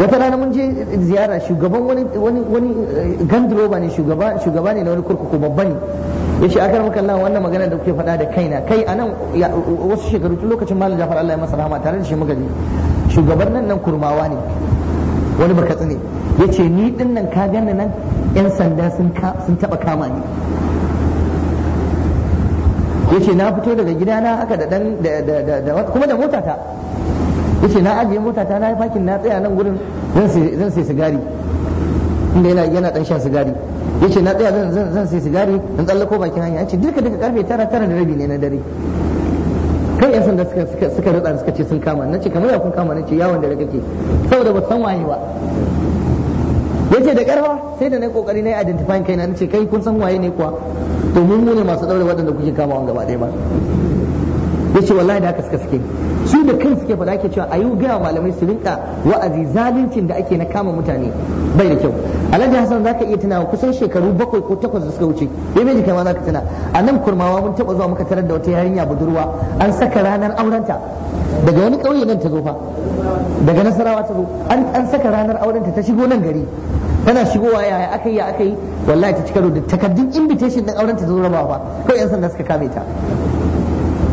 wata rana mun je ziyara shugaban wani wani wani eh, gandroba ne shugaba shugaba ne na wani kurkuku babba ne yace akar maka kallon wannan magana da kuke faɗa da kaina kai anan wasu shekaru tun lokacin malam Jafar Allah ya masa rahama tare da shi muka je shugaban nan nan kurmawa ne wani baka tsine yace ni din nan ka ganna nan yan sanda sun sun taba kama ni yace na fito daga gidana aka da dan da da kuma da motata yace na ajiye mota ta na yi fakin na tsaya nan gurin zan sai sigari inda yana yana dan sha sigari yace na tsaya zan zan sai sigari dan tsallako bakin hanya yace duka duka karfe tara tara da rabi ne na dare kai yan sanda suka suka rada suka ce sun kama nace kamar ya kun kama nace yawon da kake saboda ba san waye ba yace da karfa sai da nayi kokari nayi identifying kaina nace kai kun san waye ne kuwa to mun mu ne masu daure waɗanda kuke kamawa gaba ɗaya ba ya ce wallahi da haka suka suke su da kan suke faɗa ke cewa a yi gaya malamai su rinka wa'azi zaluncin da ake na kama mutane bai da kyau alhaji za zaka iya tunawa kusan shekaru bakwai ko takwas da suka wuce ya mai jika ma zaka tuna a nan kurmawa mun taɓa zuwa muka tarar da wata yarinya budurwa an saka ranar aurenta daga wani ƙauye nan ta zo fa daga nasarawa ta zo an saka ranar aurenta ta shigo nan gari tana shigowa yaya aka yi ya aka yi wallahi ta ci karo da takardun invitation din aurenta ta zo rabawa ba kawai yan sanda suka kame ta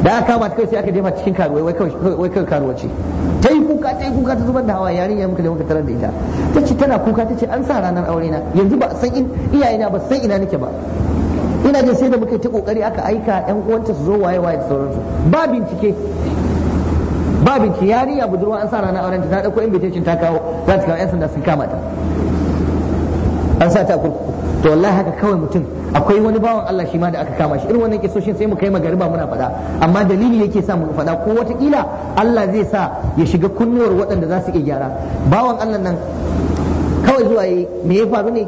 da aka kama kai sai aka jefa cikin karuwa wai kawai karuwa ce ta yi kuka ta yi kuka ta zubar da hawa yarinya muka da muka tarar da ita ta ce tana kuka ta ce an sa ranar aure na yanzu ba san iyayena ba san ina nake ba ina jin sai da muka yi ta kokari aka aika yan uwanta su zo waye waye da sauransu ba bincike ba bincike yarinya budurwa an sa ranar auren ta ta dauko invitation ta kawo za ta kawo yan sanda sun kama ta an sa ta kurkuku to wallahi haka kawai mutum akwai wani bawan Allah shi ma da aka kama shi irin wannan kisoshin sai mu kai magariba muna faɗa amma dalili yake sa mu faɗa ko wataƙila Allah zai sa ya shiga kunnuwar waɗanda za su iya gyara bawan Allah nan kawai zuwa yi me ya faru ne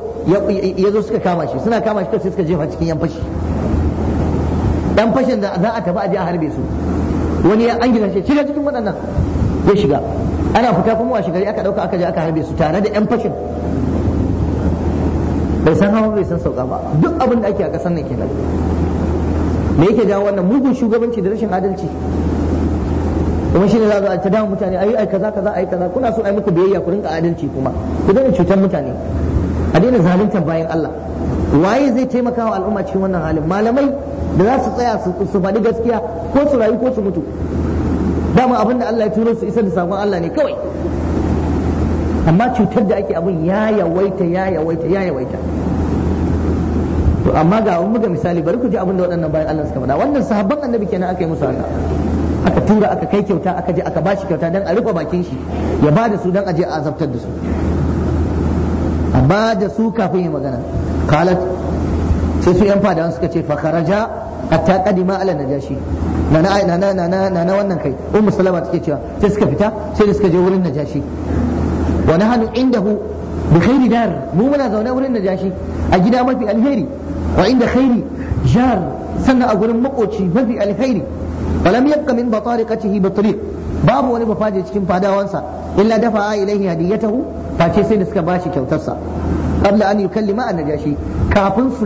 ya zo suka kama shi suna kama shi sai suka jefa cikin yan fashi yan fashin da za a tafi je a harbe su wani ya an gina shi shiga cikin waɗannan ya shiga ana fita kuma a shigari aka ɗauka aka je aka harbe su tare da yan fashin bai san hawa bai san sauka ba duk abin da ake a ƙasar nan kenan me yake jawo wannan mugun shugabanci da rashin adalci kuma shine za a ta dama mutane ayi ai kaza kaza ayi kaza kuna so ai muku biyayya ku rinka adalci kuma ku daina cutar mutane a daina zaluntar bayan Allah waye zai taimaka wa al'umma cikin wannan halin malamai da za su tsaya su faɗi gaskiya ko su rayu ko su mutu dama abinda Allah ya turo su isa da saƙon Allah ne kawai amma cutar da ake abin ya yawaita ya yawaita ya yawaita to amma ga wani muga misali bari ku ji abin da waɗannan bayan Allah suka faɗa wannan sahabban annabi kenan aka yi musu haka aka tura aka kai kyauta aka je aka bashi kyauta dan a rufe bakin shi ya ba da su dan a je a azabtar da su a ba da su kafin ya magana kalat sai su yan fadawan suka ce fakaraja hatta kadima ala najashi na na na na na na wannan kai ummu salama take cewa sai suka fita sai suka je wurin najashi Wani hannu indahu bi khairi dar mu muna zaune wurin najashi, a gida mafi alheri wa inda khairi jar sannan a gurin makoci mafi alheri falam yabqa min batariqatihi batariq babu wani bafaje cikin fadawansa illa dafa ya tahu, face sai da suka bashi kyautarsa qabla an yukallima an-najashi kafin su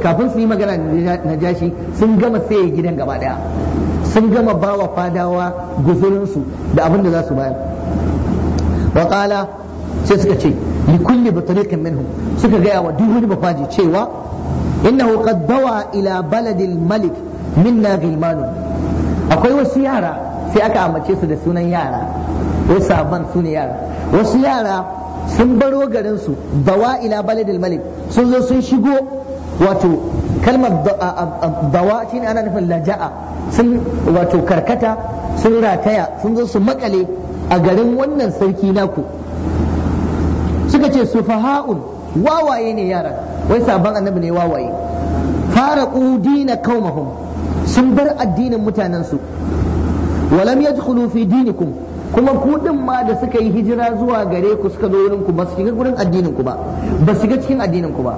kafin su yi magana najashi sun gama sai gidan gaba daya sun gama bawa fadawa guzurinsu da abin da za su bayar wa sai suka ce li kulli batariqin minhum suka gaya wa duk wani bafaji cewa innahu qad dawa ila baladil malik minna gilmanu akwai wasu yara sai aka amince su da sunan yara wasu sabon su yara wasu yara sun baro garin su dawa ila baladil malik sun zo sun shigo wato kalmar dawa shine ana nufin laja'a sun wato karkata sun rataya sun zo su makale a garin wannan sarki naku suka ce su faha'un wawaye ne yara wai sabon annabi ne wawaye fara dina kaumahum sun bar addinin mutanensu walam yadkhulu fi dinikum kuma kuɗin ma da suka yi hijira zuwa gare ku suka zo wurin ku ba su shiga gurin addinin ku ba ba su shiga cikin addinin ku ba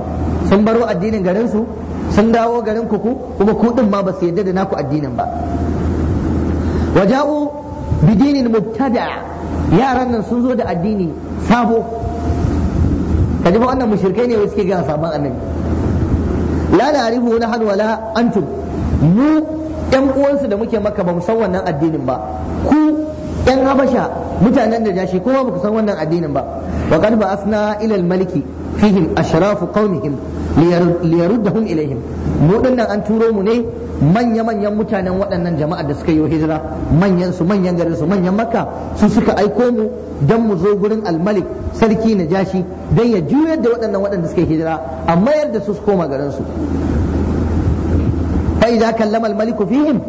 sun baro addinin garin su sun dawo garin ku kuma kuɗin ma ba su yadda da naku addinin ba waja'u bidinin mubtada yaran nan sun zo da addini sabo kaji ba wannan mushrikai ne wai suke ga sabon annabi la na'rifu nahnu wala antum mu yan uwansu da muke maka ba mu san wannan addinin ba ku yan habasha mutanen da jashi kuma ba ku san wannan addinin ba wa qad asna ila al-maliki fihim ashrafu qaumihim liyaruddahum ilaihim mu dinnan an turo mu ne manya manyan mutanen waɗannan jama'a da suka yi hijira manyan su manyan garin su manyan makka su suka aiko mu dan mu zo gurin almalik sarki na jashi dan ya juyar da waɗannan waɗanda suka yi hijira amma yadda su koma garin su fa idza kallama fi fihim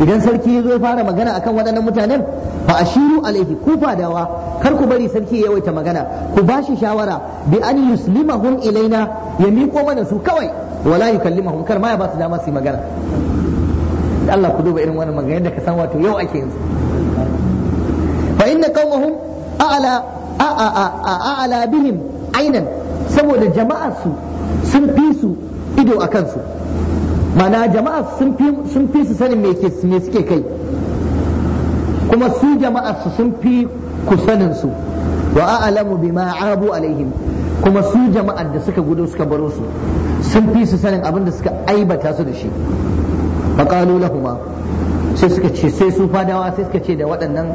idan sarki ya zo fara magana akan waɗannan mutanen fa ashiru alaihi ku fadawa kar ku bari sarki ya yawaita magana ku bashi shawara bi an yuslimahum ilaina ya miko mana su kawai wala yukallimuhum kar ma ya ba su dama su yi magana Allah ku duba irin wannan magana yadda ka san wato yau ake yanzu fa inna qaumahum a'la a'la bihim ainan saboda jama'ar su sun fi su ido a kansu mana jama'a sun fi sun fi su sanin me ke me suke kai kuma su jama'a su sun fi ku sanin su wa a'lamu bima abu alaihim kuma su jama'ar da suka gudu suka baro su sun fi su sanin abin da suka aibata su da shi faƙalu lahuma sai suka ce sai su fadawa sai suka ce da waɗannan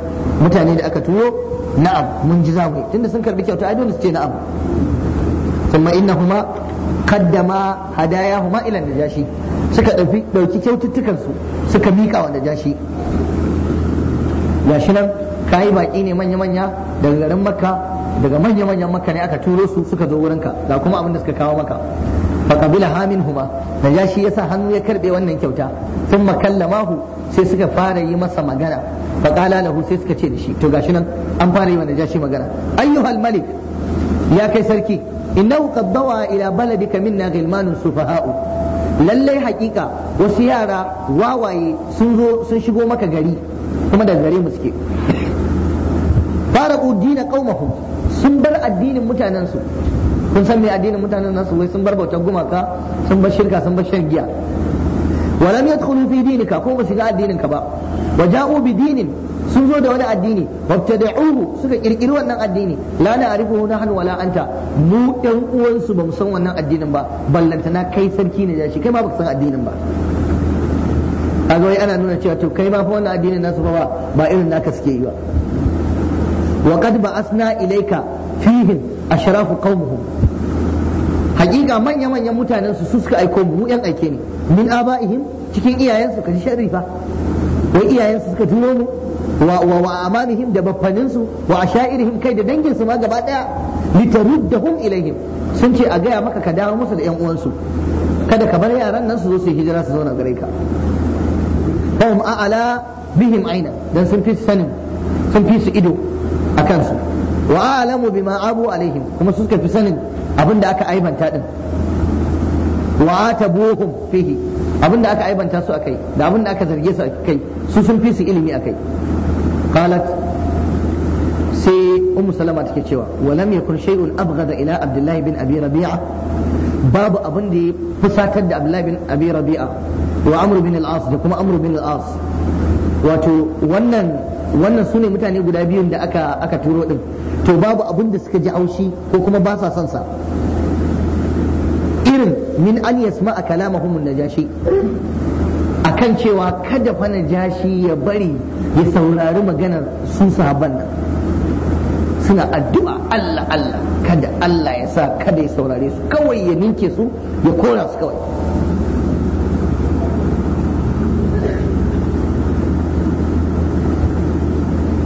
mutane da aka tuyo na'am mun ji za tunda sun karbi kyauta ai dole su ce na'am kuma innahuma kaddama hadayahuma ila najashi suka ɗauki dauki kyaututtukan su suka mika wa najashi gashi nan kayi baki ne manya manya daga garin makka daga manya manyan maka ne aka turo su suka zo wurinka ga kuma abin da suka kawo maka fa qabila hamin huma najashi yasa hannu ya karbe wannan kyauta thumma kallamahu sai suka fara yi masa magana fa qala lahu sai suka ce da shi to gashi nan an fara yi wa najashi magana ayyuhal malik ya kai sarki innahu qad dawa ila baladika minna ghilmanun sufaha'u lallai haƙiƙa, wasu yara wawaye sun zo sun shigo maka gari kuma da gare mu suke farabu dina qaumahum sun bar addinin mutanensu kun san me addinin mutanen nasu wai sun bar bautar gumaka sun bar shirka sun bar shan giya ko ba su ga addinin ka ba? wa ja'u bi dinin sun zo da wani addini wabtada'uhu suka kirkiri wannan addini la na'rifuhu nahnu wala anta mu ɗan uwansu mu san wannan addinin ba na kai sarki ne da shi kai ma ka san addinin ba kaga wai ana nuna cewa to kai ma fa wannan addinin nasu ba ba irin naka suke yi ba wa qad ba'asna ilayka fihim ashrafu qaumuhum hakika manya manyan mutanen su suka aiko mu yan aike ne min aba'ihim cikin iyayensu kashi sharri fa wai iyayensu suka turo mu wa wa amanihim da baffanin su wa ashairihim kai da dangin su ma gaba ɗaya. daya litaruddahum ilaihim sun ce a gaya maka ka dawo musu da yan uwansu kada ka bar yaran nan su zo su hijira su zauna gare ka fahim a'ala bihim aina dan sun fi sanin sun fi su ido a kansu wa alamu bima abu alaihim kuma su suka fi sanin abin da aka aibanta din wa atabuhum fihi abin da aka aibanta su akai da abin da aka zarge su akai su sun fi su ilimi akai qalat sai ummu salama take cewa wa lam yakun shay'un abghada ila abdullahi bin abi rabi'a babu abin da ya fusatar da abdullahi bin abi rabi'a wa amr bin al-as da kuma amr bin al-as wato wannan wannan su ne mutane guda biyun da aka aka turo din to babu abin da suka ji aushi ko kuma ba sa son sa irin min an yasma'a kalamahum najashi akan cewa kada fa najashi ya bari ya saurari maganar su sahabban nan suna addu'a Allah Allah kada Allah ya sa kada ya saurare su kawai ya ninke su ya kora su kawai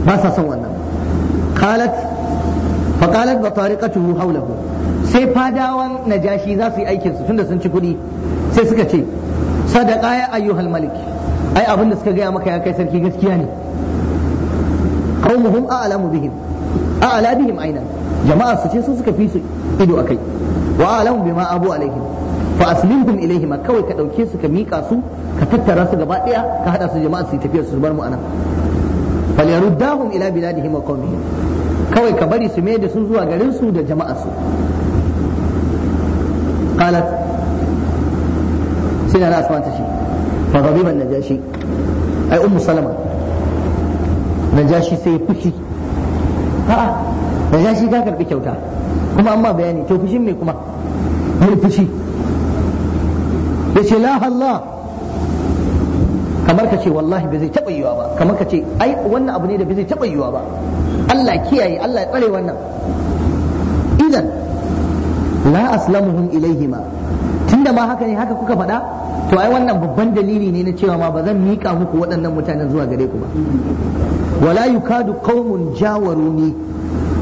ba sa son wannan qalat fa qalat ba tariqatuhu hawlahu sai fadawan najashi za su yi aikin su tunda sun ci kuɗi sai suka ce sadaqa ya ayyuhal malik ai abin da suka gaya maka ya kai sarki gaskiya ne qaumuhum a'lamu bihim a'la bihim aina jama'a su ce su suka fi su ido akai wa a'lamu bima abu alaihim fa aslimhum ilaihima kawai ka ɗauke su ka mika su ka tattara su gaba daya ka hada su jama'a suyi yi tafiyar su bar mu anan bal yaruddahum ila biladihim wa qawmihim kawai ka bari su mai da zuwa garin da jama'ar su qalat asma ta ce fa ghadiban najashi ai ummu salama najashi sai fushi a'a najashi ka karbi kyauta kuma bayani kuma fushi kamar ka ce wallahi ba zai taɓa yiwa ba kamar ka ce ai wannan abu ne da ba zai taɓa yiwa ba Allah kiyaye Allah ya tsare wannan idan la aslamuhum ilaihima tunda ma haka ne haka kuka faɗa to ai wannan babban dalili ne na cewa ma ba zan mika muku waɗannan mutanen zuwa gare ku ba wala yukadu qaumun jawaruni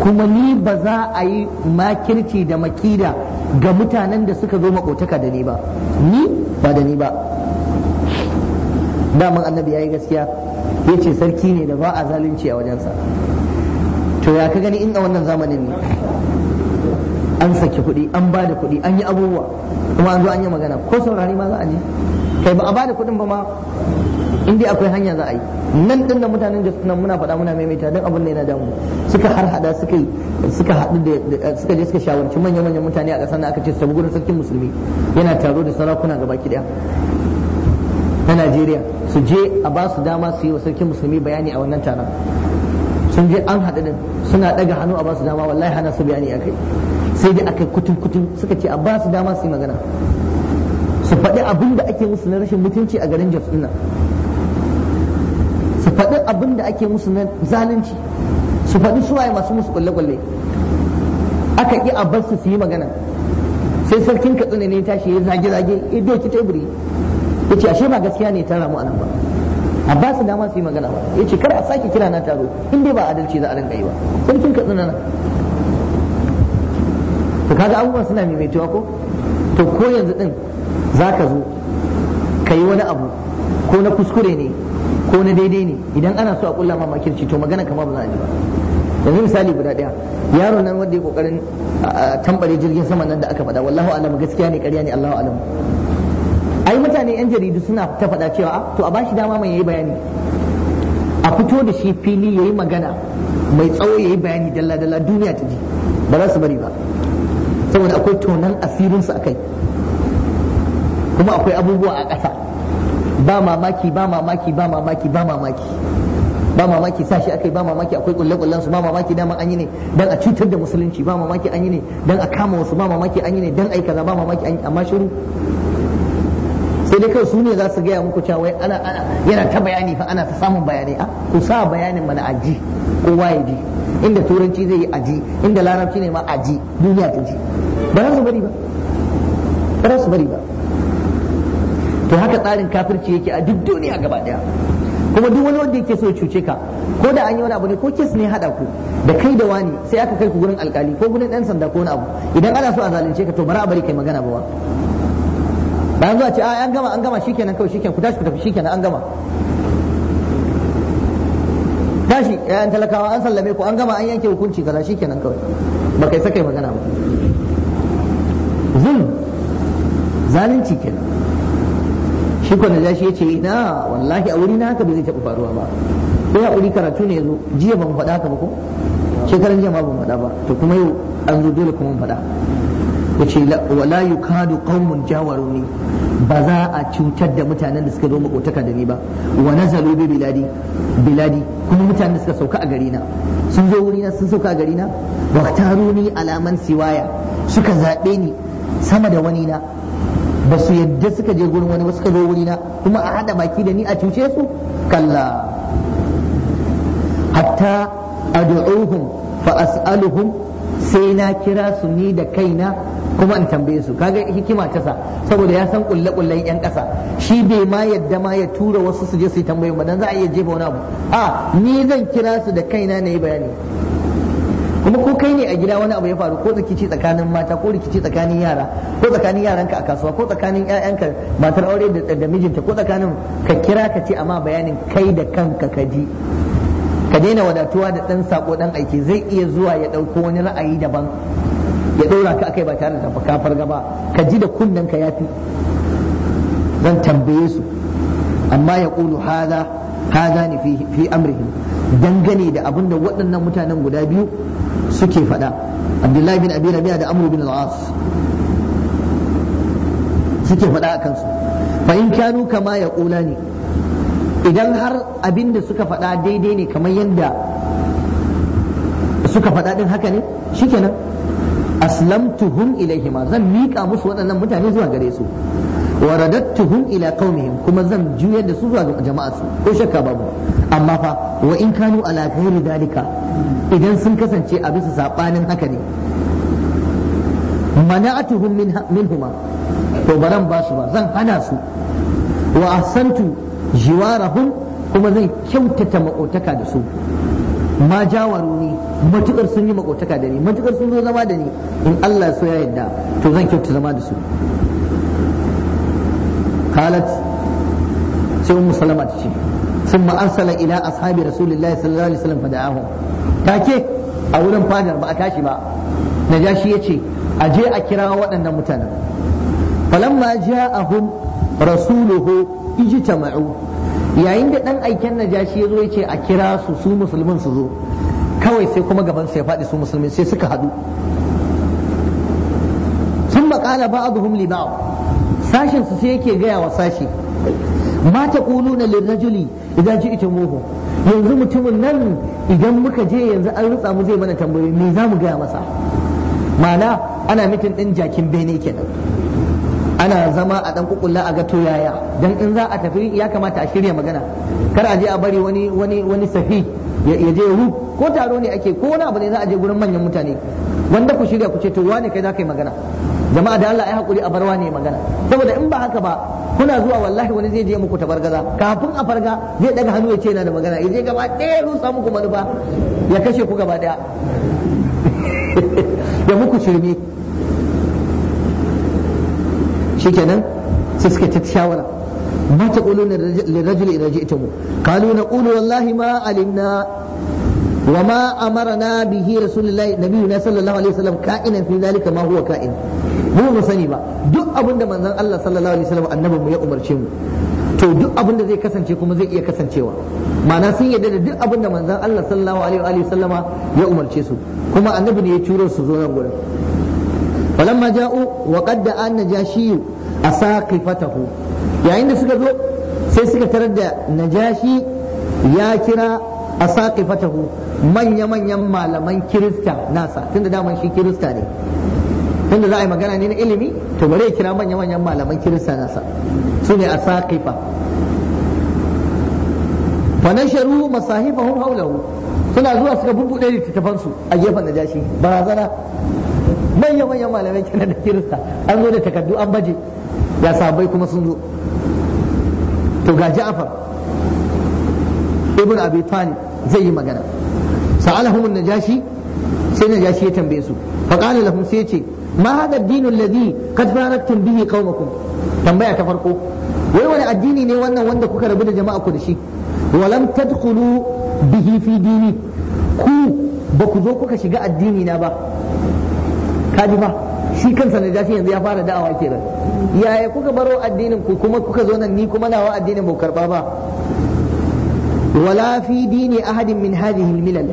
kuma ni ba za a yi makirci da makida ga mutanen da suka zo makotaka da ni ba ni ba da ni ba daman annabi yi gaskiya ya ce sarki ne da ba a zalunci a wajensa to ya ka gani in a wannan zamanin ne an saki kuɗi an ba da kuɗi an yi abubuwa kuma an zo an yi magana ko saurari ma za a je kai ba a ba da kuɗin ba ma in dai akwai hanya za a yi nan ɗin da mutanen da suna muna faɗa muna maimaita don abin da yana damu suka har hada suka suka haɗu da suka je suka shawarci manyan manyan mutane a ƙasar aka ce su gurin sarkin musulmi yana taro da sarakuna gaba ki daya na Najeriya su je a ba su dama su yi wa sarkin musulmi bayani a wannan taron sun je an haɗu din suna ɗaga hannu a ba su dama wallahi hana su bayani a kai. sai dai aka kutun kutun suka ce a ba su dama su yi magana su faɗi abin da ake musu na rashin mutunci a garin Jos dinnan. su faɗi abin da ake musu na zalunci su faɗi suwaye masu musu kwalle-kwalle aka ƙi a bar su su yi magana sai sarkin katsina ne tashi ya zage-zage ya doki teburi yace ashe ba gaskiya ne tara mu anan ba Abbas da ma su yi magana ba yace kar a sake kira na taro in dai ba adalci za a rinka yi ba sarkin katsina na to kaga abubuwan suna maimaituwa ko to ko yanzu din zaka zo ka yi wani abu ko na kuskure ne ko na daidai ne idan ana so a kulla ma makirci to magana kama ba za a ji ba yanzu misali guda daya yaron nan wanda ya kokarin tambare jirgin sama nan da aka faɗa wallahu alam gaskiya ne ƙarya ne Allahu alam ai mutane yan jaridu suna ta faɗa cewa ah, to a bashi dama mai yayi bayani a fito da shi fili yayi magana mai tsawo yayi bayani dalla dalla duniya ta ji ba za su bari ba saboda akwai tonan asirin su akai kuma akwai abubuwa a ƙasa ba mamaki ba mamaki ba mamaki ba mamaki ba mamaki sa shi akai ba mamaki akwai kulle kullen su ba mamaki dama an yi ne dan a cutar da musulunci ba mamaki an yi ne dan a kama wasu ba mamaki an yi ne dan aika kaza ba mamaki an yi amma shiru sai dai kawai su ne za su gaya muku cewa ana yana ta bayani fa ana ta samun bayani a ah, ku sa bayanin mana aji ko ya ji inda turanci zai yi aji inda larabci ne ma aji duniya ta ji ba za su bari ba ba za su bari ba to haka tsarin kafirci yake a duk duniya gaba daya kuma duk wani wanda yake so ya cuce ka ko da an yi wani abu ne ko kes ne hada ku da kai da wani sai aka kai ku gurin alkali ko gurin dan sanda ko wani abu idan ana so a zalunce ka to bari a bari kai magana ba bayan zuwa ce a an gama an gama shikenan kawai shikenan ku tashi ku tafi shikenan an gama tashi yayan eh, talakawa an sallame ku an gama an yanke hukunci kaza shikenan kawai ba kai sakai magana ba zulm zalunci kenan shi ko na shi yace ina wallahi a wuri na haka bai zai taɓa faruwa ba ko ya wuri karatu ne yazo jiya ban faɗa ka ba ko shekaran jiya ma ban faɗa ba to kuma yau an zo dole kuma ban faɗa yace wala yukadu qaumun jawaruni ba za a cutar da mutanen da suka zo makotaka da ni ba wa nazalu bi biladi biladi kuma mutanen da suka sauka a garina sun zo wurina sun sauka a garina wa taruni alaman siwaya suka zabe ni sama da wani na ba su yadda suka je gurin wani ba suka zo wurina kuma a hada baki da ni a cuce su kalla hatta ad'uhum fa as'aluhum sai na kira su ni da kaina kuma in tambaye su kaga hikima ta sa saboda ya san kulle kullen yan kasa shi bai ma yadda ma ya tura wasu su je su tambaye ba dan za a iya jefa wani abu a ni zan kira su da kaina na yi bayani kuma ko kai ne a gida wani abu ya faru ko rikici tsakanin mata ko rikici tsakanin yara ko tsakanin yaranka a kasuwa ko tsakanin ƴaƴanka matar aure da mijinta ko tsakanin ka kira ka ce amma bayanin kai da kanka ka ji ka daina wadatuwa da ɗan sako dan aiki zai iya zuwa ya ɗauko wani ra'ayi daban ya ɗora ka akai ba tare da ka farga ba ka ji da kunnen ka yafi zan tambaye su amma ya ƙulu haza haza ne fi amrihim dangane da abin da waɗannan mutanen guda biyu suke faɗa abdullahi bin abi rabi'a da amru bin al-as suke faɗa a kansu fa in kanu kama ya ƙula ne idan har abin da suka faɗa daidai ne kamar yadda suka faɗa ɗin haka ne shikenan aslamtuhum ilaihima zan miƙa musu waɗannan mutane zuwa gare su wa radattuhum ila qaumihim kuma zan juyar da su zuwa jama'a su ko shakka babu amma fa wa in kanu ala ghairi dalika idan sun kasance a bisa sabanin haka ne mana'atuhum minhuma to baran ba su ba zan hana su wa ahsantu jiwarahum kuma zan kyautata maƙotaka da su ma jawaru ni matukar sun yi makotaka da ni matukar sun zo zama da ni in Allah so ya yadda to zan kyauta zama da su qalat sai ummu salama ta ce thumma arsala ila ashabi rasulillahi sallallahu alaihi wasallam fada'ahum take a wurin fadar ba a tashi ba najashi yace a je a kira waɗannan mutanen falamma ja'ahum rasuluhu ijtama'u yayin da dan aiken najashi ya zo ya ce a kira su su musulmin su zo kawai sai kuma gaban sai faɗi su musulmin sai suka haɗu sun maƙala ba abu humli ba sashin su sai yake gaya wa sashi ma ta na lirrajuli idan ji ita muhu yanzu mutumin nan idan muka je yanzu an rutsa mu zai mana tambayoyi me za mu gaya masa ma'ana ana mitin ɗin jakin bene kenan ana zama a dan kukulla a ga to yaya dan in za a tafi ya kamata a shirya magana kar a je a bari wani wani wani safi ya je ru ko taro ne ake ko wani abu ne za a je gurin manyan mutane wanda ku shirya ku ce to wane kai za ka yi magana jama'a da Allah ya hakuri a bar wane magana saboda in ba haka ba kuna zuwa wallahi wani zai je muku tabargaza kafin a farga zai daga hannu ya ce yana da magana ya je gaba ɗaya samu kuma manufa ya kashe ku gaba ɗaya ya muku shirme shikenan sai suka ta shawara ma ta qulu ita mu. ji'tumu na naqulu wallahi ma alimna wa ma amara amarna bihi rasulullahi nabiyuna sallallahu alaihi wasallam ka'inan fi zalika ma huwa ka'in mu mu sani ba duk abinda manzon Allah sallallahu alaihi wasallam annabin mu ya umarce mu to duk abinda zai kasance kuma zai iya kasancewa ma'ana sun yarda da duk abinda manzon Allah sallallahu alaihi wa wasallama ya umarce su kuma annabi ne ya turo su zo nan gurin falamma ja'u wa qadda an najashiyu asaqifatahu yayin da suka zo sai suka tarar da najashi ya kira asaqifatahu manya-manyan malaman kirista nasa tunda daman shi kirista ne tunda za a yi magana ne na ilimi to bari ya kira manya-manyan malaman kirista nasa su ne asaqifa fa nasharu masahifahum hawlahu suna zuwa suka bubbuɗe littattafansu a gefen najashi barazana manya-manyan malamai kenan da kirista an zo da takardu an baje Ya sahabbai kuma sun zo to ga Ja'far ibn Abi Talib zai yi magana sa'alahum najashi sai najashi ya tambaye su fa qala lahum sai ce ma hada ad alladhi qad faraktum bihi qaumakum tambaya ta farko wai wani addini ne wannan wanda kuka rabu da jama'a ku da shi wa lam tadkhulu bihi fi dini ku ba ku zo kuka shiga addini na ba kaji ba shi kansa na jashi yanzu ya fara da'awa kenan yaya kuka baro addinin ku kuma kuka zo nan ni kuma nawa addinin mu karba ba wala fi dini ahadin min hadhihi milal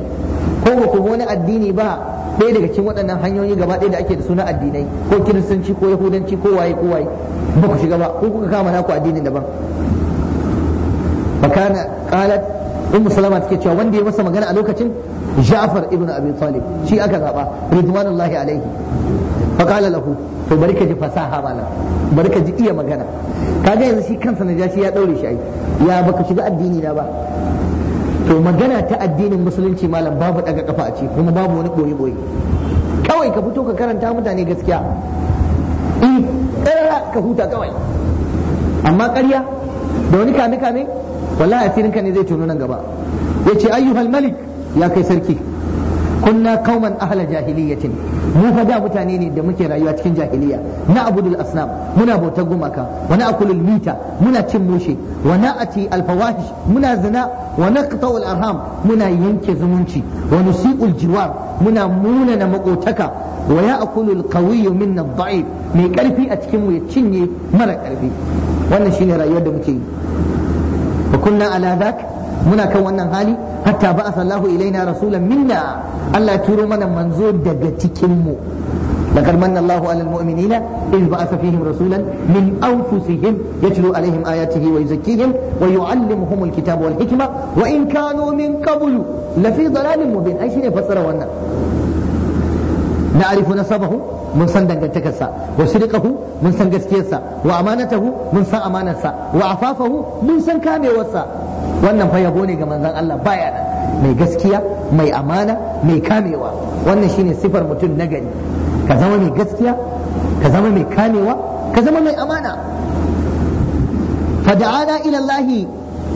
ko ba ku wani addini ba ɗaya daga cikin waɗannan hanyoyi gaba ɗaya da ake da suna addinai ko kiristanci ko yahudanci ko waye ko waye ba ku shiga ba ko kuka kama naku addinin daban fakana qalat ummu salama take cewa wanda ya masa magana a lokacin ja'far ibn abi talib shi aka zaba ridwanullahi alaihi fa qala lahu to bari ka ji fasaha malam bari ka ji iya magana kaga yanzu shi kansa na shi ya daure shi ai ya baka shiga addini na ba to magana ta addinin musulunci malam babu daga kafa a ci kuma babu wani boye boye kawai ka fito ka karanta mutane gaskiya eh ka huta kawai amma ƙarya da wani kame kame wallahi asirin ne zai tono nan gaba yace ayyuhal malik ya kai sarki kunna kauman ahla jahiliyatin mu fa da mutane ne da muke rayuwa cikin jahiliya na abudul asnam muna bautar gumaka wa na akulul mita muna cin mushe wa na ati alfawahish muna zina wa naqta'u arham muna yanke zumunci wa nusi'ul jiwar muna muna na makotaka wa ya akulul qawiyyu minna ad-da'if mai karfi a cikin mu ya cinye mara karfi wannan shine rayuwar da muke yi kunna ala dak muna kan wannan hali hatta ba asallahu ilaina rasulan minna Allah turo mana manzo daga cikin mu لقد من الله على المؤمنين إذ بعث فيهم رسولا من أنفسهم يتلو عليهم آياته ويزكيهم ويعلمهم الكتاب والحكمة وإن كانوا من قبل لفي ضلال مبين أي شيء فسر نعرف نسبه mun san dangantakarsa wa shirqahu mun san gaskiyarsa wa amanatahu mun san amanarsa wa afafahu mun san kamewarsa wannan fa yabo ne ga manzon Allah baya nan mai gaskiya mai amana mai kamewa wannan shine sifar mutum nagari ka zama mai gaskiya ka zama mai kamewa ka zama mai amana Fa fada'ana ila Allah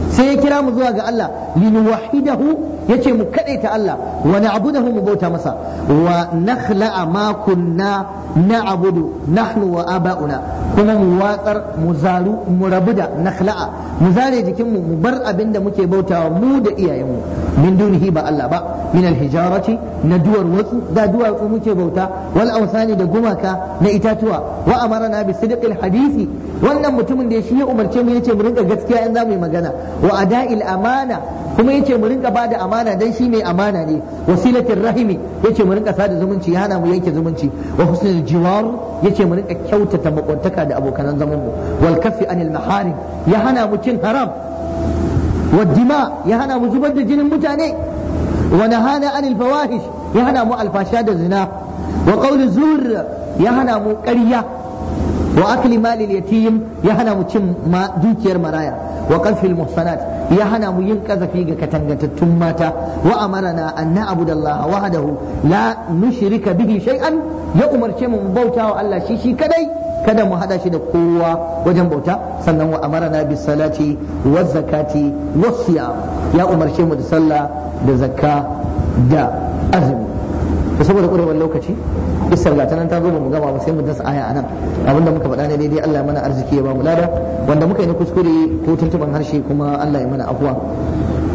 sai ya kira mu zuwa ga Allah linuwahidahu yace mu kadaita Allah wa na'budahu mu bauta masa wa nakhla'a ma kunna na'budu nahnu wa aba'una kuma mu watsar mu zaru mu rabu da nakhla'a mu zare jikin mu mu bar abin da muke bautawa mu da iyayen mu min dunihi ba Allah ba min alhijarati na duwar wasu da duwatsu muke bauta wal ne da gumaka na itatuwa wa amarna bi sidqil hadisi wannan mutumin da shi ya umarce mu yace mu rinka gaskiya in za mu yi magana wa ada'il amana kuma yace mu rinka bada amana amana dan shi mai amana ne wasilatin rahimi yace mu rinka sada zumunci ya hana mu yanke zumunci wa husnul jiwar yace mu rinka kyautata makwantaka da abokan zaman mu wal kafi anil maharim ya hana mu cin haram wa dima ya hana mu zubar da jinin mutane wa nahana anil fawahish ya hana mu alfasha da zina wa qawli zur ya hana mu ƙarya wa akli malil yatim ya hana mu cin dukiyar maraya wa qadfil muhsanat ya hana mu yin kazafi ga katangantattun mata wa amarana an na'budu Allah wahdahu la nushrika bihi shay'an ya umarce mu bauta wa Allah shi shi kadai kada mu hada shi da kowa wajen bauta sannan wa amarana bis salati waz zakati siyam ya umarce mu da sallah da zakka da azumi to saboda ƙurewar lokaci isar ga nan ta zo mu gama ba sai mu dasa aya anan abinda muka faɗa ne daidai Allah ya mana arziki ya ba mu lada wanda muka yi na kuskure ko tuntuban harshe kuma Allah ya mana afuwa